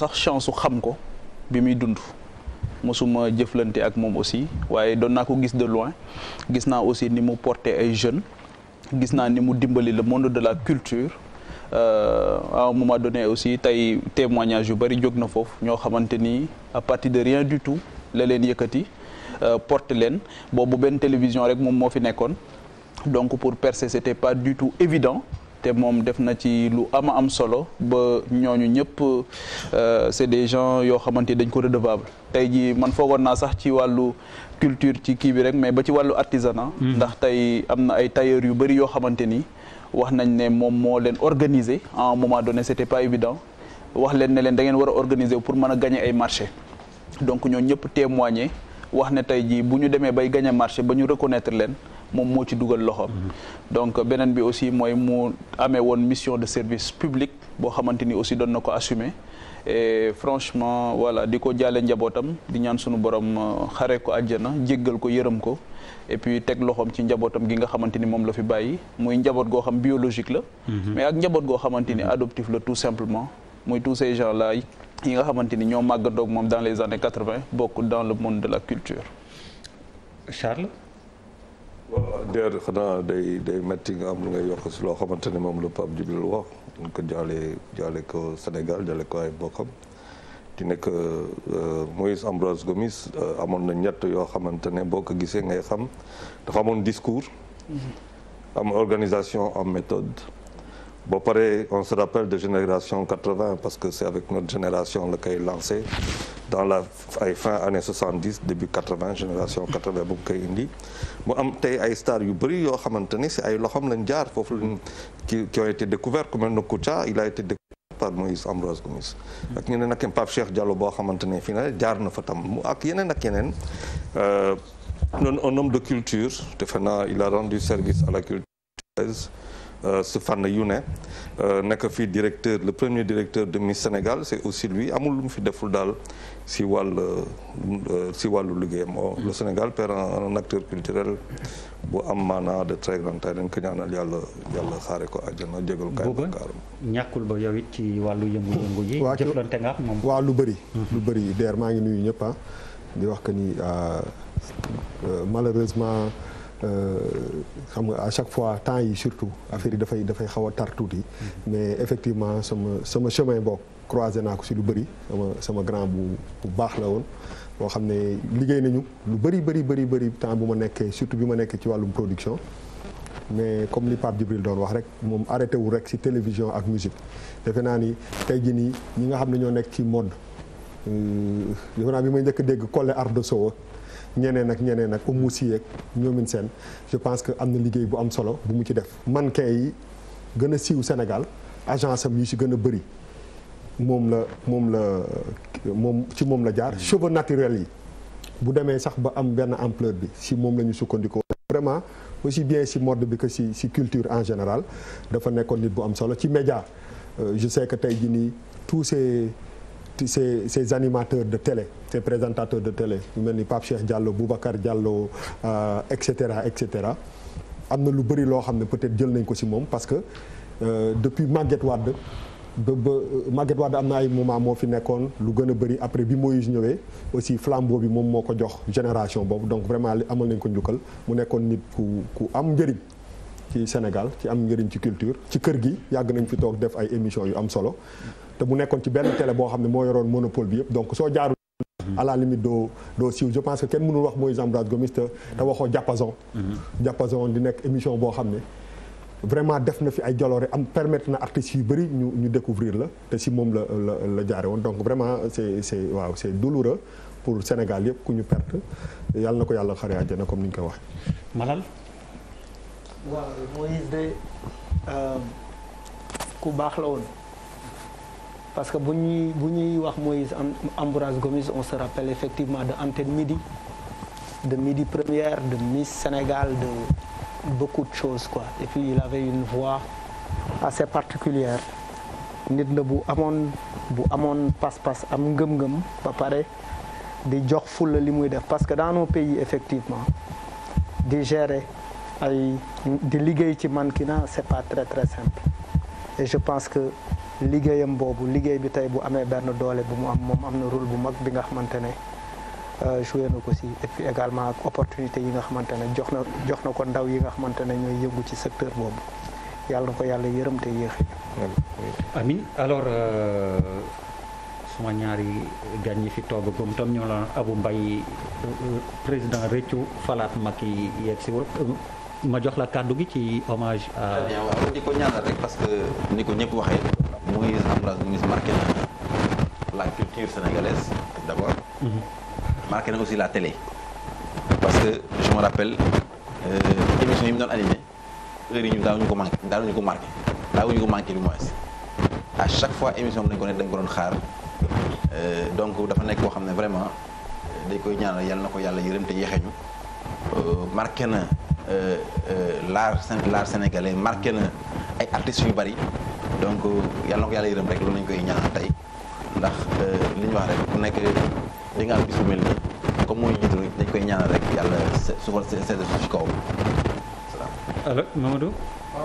sax chance su xam ko bi muy dund mosuma jëflante ak moom aussi waaye doon naa ko gis de loin gis naa aussi ni mu porté ay jeunes gis naa ni mu dimbali le monde de la culture euh, à un moment donné aussi tey témoignage yu bëri jóg na foofu ñoo xamante ni à partir de rien du tout la leen yëkkati euh, porte leen boobu benn télévision rek moom moo fi nekkoon donc pour percer c'était pas du tout évident te moom def na ci lu ama am solo ba ñooñu ñëpp euh, c'est des gens yoo xamante ni dañ ko redevable tey ji man foogoon naa sax ci wàllu culture ci kii bi rek mais ba ci wàllu artisanat hmm. ndax tey am na ay tailleurs yu bëri yoo xamante ni wax nañ ne moom moo leen organiser à un moment donné c'était pas évident wax leen ne leen da ngeen war a organiser pour mën a gagner ay marché donc ñooñu ñëpp témoigner wax ne tey jii bu ñu demee bay gagner marché ba ñu reconnaître leen moom moo ci dugal loxoom. donc beneen bi aussi mooy mu amee woon mission de service public boo xamante ni aussi doon na ko assumer e franchement wala di ko jaale njabootam di ñaan sunu borom euh, xare ko àjjana jéggal ko yërëm ko et puis teg loxoom ci njabootam gi nga xamante ni moom la fi bàyyi muy njaboot goo xam biologique la. Mhm. mais ak njaboot goo xamante ni mhm. adoptif la tout simplement muy tous ces gens là yi nga xamante ni ñoo màggandoog moom dans les années quatre-vingt bokk dans le monde de la culture. Charles. der xanaa day day métti nga am lu ngay yokk si loo xamante ne moom la Pape Djibril wax ñu ko jaale jaale ko Sénégal jaale ko ay bokkam di nekk euh, Moïse Ambroise Gomis euh, amoon na ñett yoo xamante ne boo ko gisee ngay xam dafa amoon discours mm-hmm. am organisation am méthode ba pare on se rappelle de génération 80 parce que c'est avec notre génération la koy lancé dans la ay fin année 70 début 80 génération 80 bu mu koy indi mu am tey ay stars yu bëri yoo xamante ni si ay loxoom lañ jaar foofu lañ qui qui ont été découverts comme na Kouthia il a été découvert par Moïse Ambroise Gomis ak ñeneen ak Pape Cheikh boo xamante ne fii na jaar na fa tam mu ak yeneen ak yeneen euh, un homme de culture defe naa il a rendu service à la culture su euh, fànn yu ne euh, nekk fii directeur le premier directeur de Miss Sénégal c'est aussi lui amul lu mu fi deful daal si wàll euh, si wàllu liggéeyam oh, lu Sénégal perd un acteur culturel bu am maanaa de très grande taille dañ ko ñaanal yàlla yàlla saare ko àjjana jégal kaay bakkaaram ñàkkul ba yow ci wàllu yëngu-yëngu yi jëflante nga ak moom waaw lu bëri mhm. lu bëri der maa ngi nuyu ñëpp ah wax que ni malheureusement Euh, xam nga à chaque fois temps yi surtout affaire yi dafay dafay xaw a tar tuuti mais effectivement sama sama chemin bokk croisé naa ko si lu bëri sama sama grand bu bu baax la woon boo xam ne liggéey nañu lu bëri bëri bëri bëri temps bu ma nekkee surtout bi ma nekkee ci wàllum production mais comme li Pape Djibril doon wax rek moom arrêté wu rek si télévision ak musique defe naa ni tey jii nii ñi nga xam ne ñoo nekk ci mode euh, defe naa bi may njëkk dégg Collé de Sowa ñeneen ak ñeneen ak Oumou Sy ak ñoomin seen je pense que am na liggéey bu am solo bu mu ci def man yi gën a siiw Sénégal agence am yu si gën a bëri moom la moom la moom ci moom la jaar cheveux naturels yi bu demee sax ba am benn empleur bi si moom la ñu sukkandikoo vraiment aussi bien si mode bi que si si culture en général dafa nekkoon nit bu am solo ci média euh, je sais que tey jii nii tous ces ces ces animateurs de télé ces présentateurs de télé mu mel ni Pape Cheikh Diallo Boubacar Diallo euh, et cetera et cetera am na lu bëri loo xam ne peut-être jël nañ ko ci moom parce que euh, depuis Maguette Wade ba ba Maguette am na ay moment moo fi nekkoon lu gën a bëri après bi Moïse ñëwee aussi flambeau bi moom moo ko jox génération boobu donc vraiment li amal nañ ko njukkal mu nekkoon nit ku ku am njëriñ ci Sénégal ci am njëriñ ci culture ci kër gi yàgg nañ fi toog def ay émissions yu am solo te mu nekkoon ci benn télé boo xam ne moo yoroon monopole bi yëpp donc soo jaarul à la limite doo doo siiw je pense que kenn mënul wax Moïse Ambroise Gomis te te waxoo jàppazon jàppazon mm-hmm. di nekk émission boo xam ne vraiment def na fi ay jaloore am permettre na artistes yu bëri ñu ñu découvrir la te si moom la la la jaare woon donc vraiment c'est c'est waaw c'est douloureux pour Sénégal yëpp ku ñu perte yàlla na ko yàlla xare àjjana comme ni ñu koy wax Malal. waaw Moïse euh, baax la parce que bu ñuy bu ñuy wax Moïse Ambroise Gomis on se rappelle effectivement de Antenne Midi de Midi Première de Miss Sénégal de beaucoup de choses quoi et puis il avait une voix assez particulière nit la bu amoon bu amoon pas-pas am ngëm-ngëm ba pare di jox fulla li muy def parce que dans nos pays effectivement di gérer ay di liggéey ci mannequinat c'est pas très très simple et je pense que liggéeyam boobu liggéey bi tey bu amee benn doole bu mu am moom am na rôle bu mag bi nga xamante ne euh, joué na ko si également ak yi nga xamante ne jox na jox na ko ndaw yi nga xamante ne ñooy yëngu ci secteur boobu yàlla na ko yàlla yërëm te yéexi amin alors euh, suma ñaari gan ñi fi toog gum tam ñoo la Abou Mbaye euh, président rëccu falaat mag yi yegg si ma jox la kàddu gi ci hommage à. ko ñaanal parce que ni ko ñëpp waxee. Moïse Ambroise Gomis marqué na la culture sénégalaise d'abord mm na aussi la télé parce que je me rappelle euh, émission yi mu doon animé heure yi ñu ko manqué daawuñu ko marqué daawuñu ko manqué lu moins à chaque fois émission bi dañ ko ne dañ ko doon xaar euh, donc dafa nekk koo xam ne vraiment dañ koy ñaanal yàlla na ko yàlla yërëm te yéexeñu euh, marqué na l'art l'art sénégalais marqué na ay artistes yu bari donc yàlla na ko yàlla yërëm rek loolu lañ koy ñaan tey ndax euh, li ñu wax rek ku nekk di nga am bis bu nii comme mooy jiitu dañ koy ñaanal rek yàlla suufal sedd suuf si kawam Mamadou. Ah,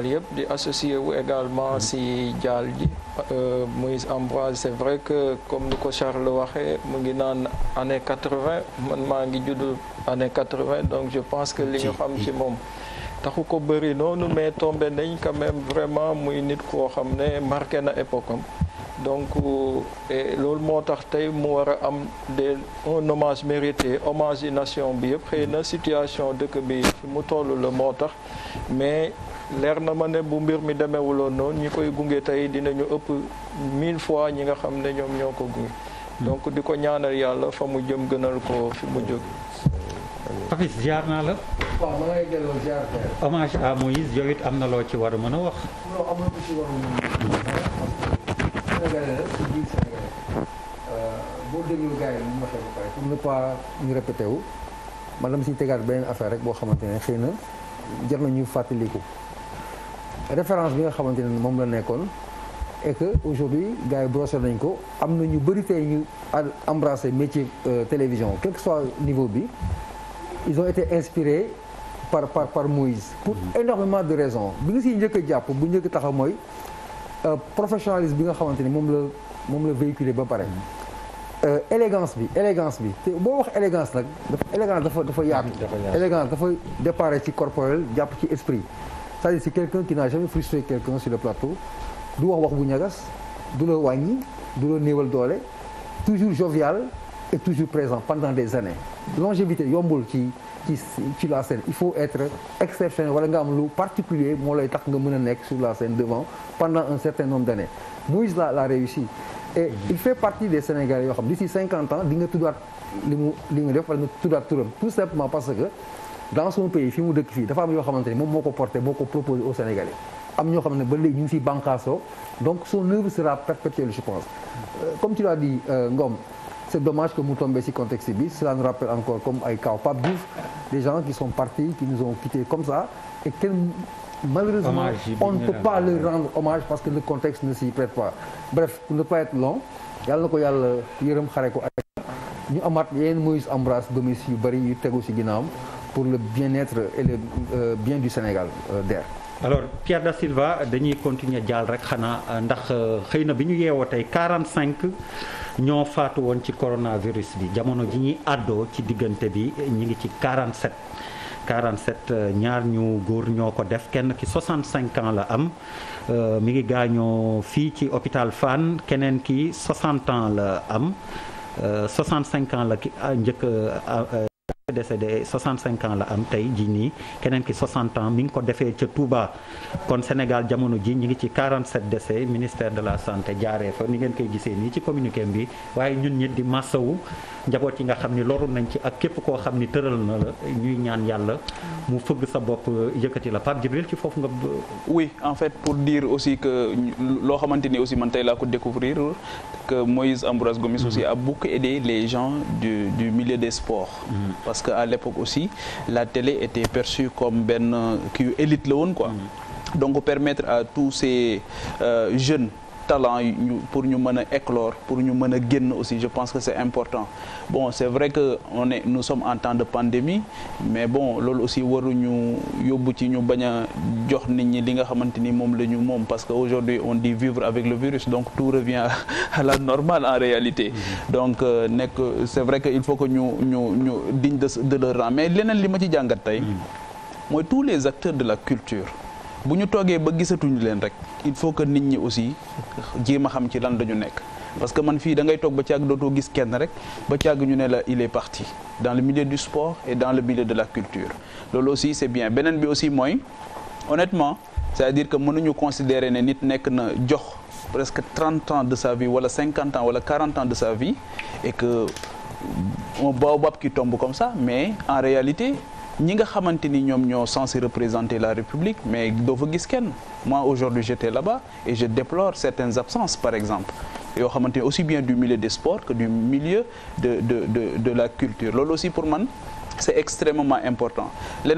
yëpp di associé wu également si jaal ji euh, Moïse Ambroise c'est vrai que comme ni ko Charles waxee mu ngi naan année quatre-vingt man maa ngi judd année quatre-vingt donc je pense que li ñu xam ci moom. taxu ko bëri noonu mais tombé nañ quand même vraiment muy nit koo xam ne marqué na époque am donc euh, loolu moo tax tey mu war a am des un hommage mérité hommage yi nation bi yëpp xëy na situation dëkk bi fi mu toll la moo tax mais leer na ma ne bu mbir mi demeewuloon noonu ñi koy gunge tey dina ñu ëpp mille fois ñi nga xam ne ñoom ñoo ko gunge donc di ko ñaanal yàlla fa mu jëm gënal ko fi mu jóge Papis ziar naa la. waaw ma ngay delloo it am na loo ci war a mën a wax. non am euh, boo déglu gars yi mu ma xew kay pour rek boo xamante ne xëy na jar ñu fàttaliku référence bi nga xamante ne moom la nekkoon. et que aujourd'hui gars yi nañ ko am na ñu bëri tey ñu embrassé métier euh, télévision quel que soit niveau bi ils ont été inspirés par par par Moïse. pour mm-hmm. énormément de raisons bi nga siy njëkk a jàpp bu njëkk taxaw mooy euh, professionnalisme bi nga xamante ni moom la moom la véhiculé ba pare. Mm-hmm. Euh, élégance bi élégance bi boo wax élégance nag dafa élégance dafa mm-hmm. dafa yaatu. élégance dafa départ ci corporel jàpp ci esprit sa à dire c'est quelqu'un qui n'a jamais frustré quelqu'un sur le plateau du wax wax bu ñagas du la wàññi du la néewal doole toujours jovial. est toujours présent pendant des années longévité yombul ci ci ci la scène il faut être exceptionnel wala nga am lu particulier moo lay tax nga mën a nekk sur la scène devant pendant un certain nombre d'années Moïse la la réussi et mhm. il fait partie des Sénégalais yoo xam d'ici 50 ans di nga li mu li mu def wala nga tuddaat turam tout simplement parce que dans son pays fi mu dëkk fii dafa am yoo xamante ni moom moo ko porté moo ko proposé aux Sénégalais am xam ne ba léegi ñu ngi fi banqaasoo donc son œuvre sera perpétuelle euh, comme tu l'as dit euh, Ngom c'est dommage que mu tombé ci contexte bi cela nous rappelle encore comme ay kaw Pape Diouf des gens qui sont partis qui nous ont quittés comme ça et kenn malheureusement on ne peut pas leur rendre hommage parce que le contexte ne s'y prête pas bref pour ne pas être long yàlla na ko yàlla yërëm xare ko ak ñu amaat yeneen Moïse Ambroise Gomis yu bëri yu tegu ci ginnaawam pour le bien-être et le euh, bien du Sénégal euh, DER alors Pierre da Silva dañuy continuer jaal rek xanaa ndax euh, xëy na bi ñu yeewoo tey cinq ñoo faatu woon ci coronavirus bi jamono ji ñuy àddoo ci diggante bi ñu ngi ci 47 47 euh, ñaar ñu góor ñoo ko def kenn ki 65 ans la am euh, mi ngi gaañoo fii ci hôpital Fann keneen ki 60 la am 65 ans la ki njëkk décédé 65 ans la am tey jii nii keneen ki 60 ans mi ko defee ca Touba kon Sénégal jamono ji ñu ngi ci 47 décès ministère de la santé jaaree fa ni ngeen koy gisee nii ci communiqué bi waaye ñun ñit di massawu njaboot yi nga xam ni loru nañ ci ak képp koo xam ni tëral na la ñuy ñaan yàlla mu fëgg sa bopp yëkkati la Pape Djibril ci foofu nga. oui en fait pour dire aussi que loo xamante ni aussi man tey laa ko découvrir que Moïse Ambroise Gomis mm-hmm. aussi a beaucoup aidé les gens du du milieu des sports. Mm-hmm. parce que à l'époque aussi la télé était perçue comme benn kii élite la woon quoi. Mm-hmm. donc permettre à tous ces euh, jeunes talents ñu pour ñu mën a éclore pour ñu mën a génn aussi je pense que c'est important bon c'est vrai que on est nous sommes en temps de pandémie mais bon loolu aussi ñu yóbbu ci ñu bañ a jox nit ñi li nga xamante ni moom la ñu moom parce que aujourd'hui on dit vivre avec le virus donc tout revient à la normale en réalité mm-hmm. donc euh, nekk euh, c'est vrai que il faut que ñu ñu ñu digne de leur rang mais leneen li ma ci jàngat tey mm-hmm. mooy tous les acteurs de la culture bu ñu toogee ba gisatuñu leen rek il faut que nit ñi aussi jéem a xam ci lan dañu nekk parce que man fii da ngay toog ba càgg dootoo gis kenn rek ba càgg ñu ne la il est parti dans le milieu du sport et dans le milieu de la culture loolu aussi c'est bien beneen bi aussi mooy honnêtement c'est-à-dire que mënuñu considérer ne nit nekk na jox presque trente ans de sa vie wala 50 ans wala 40 ans de sa vie et que un baobab qui tomb comme ça mais en réalité ñi nga xamante ni ñoom ñoo censé représenter la République mais doo fa gis kenn moi aujourd'hui j'étais là-bas et je déplore certaines absences par exemple yoo xamante ni aussi bien du milieu des sports que du milieu de de de de la culture loolu aussi pour man c'est extrêmement important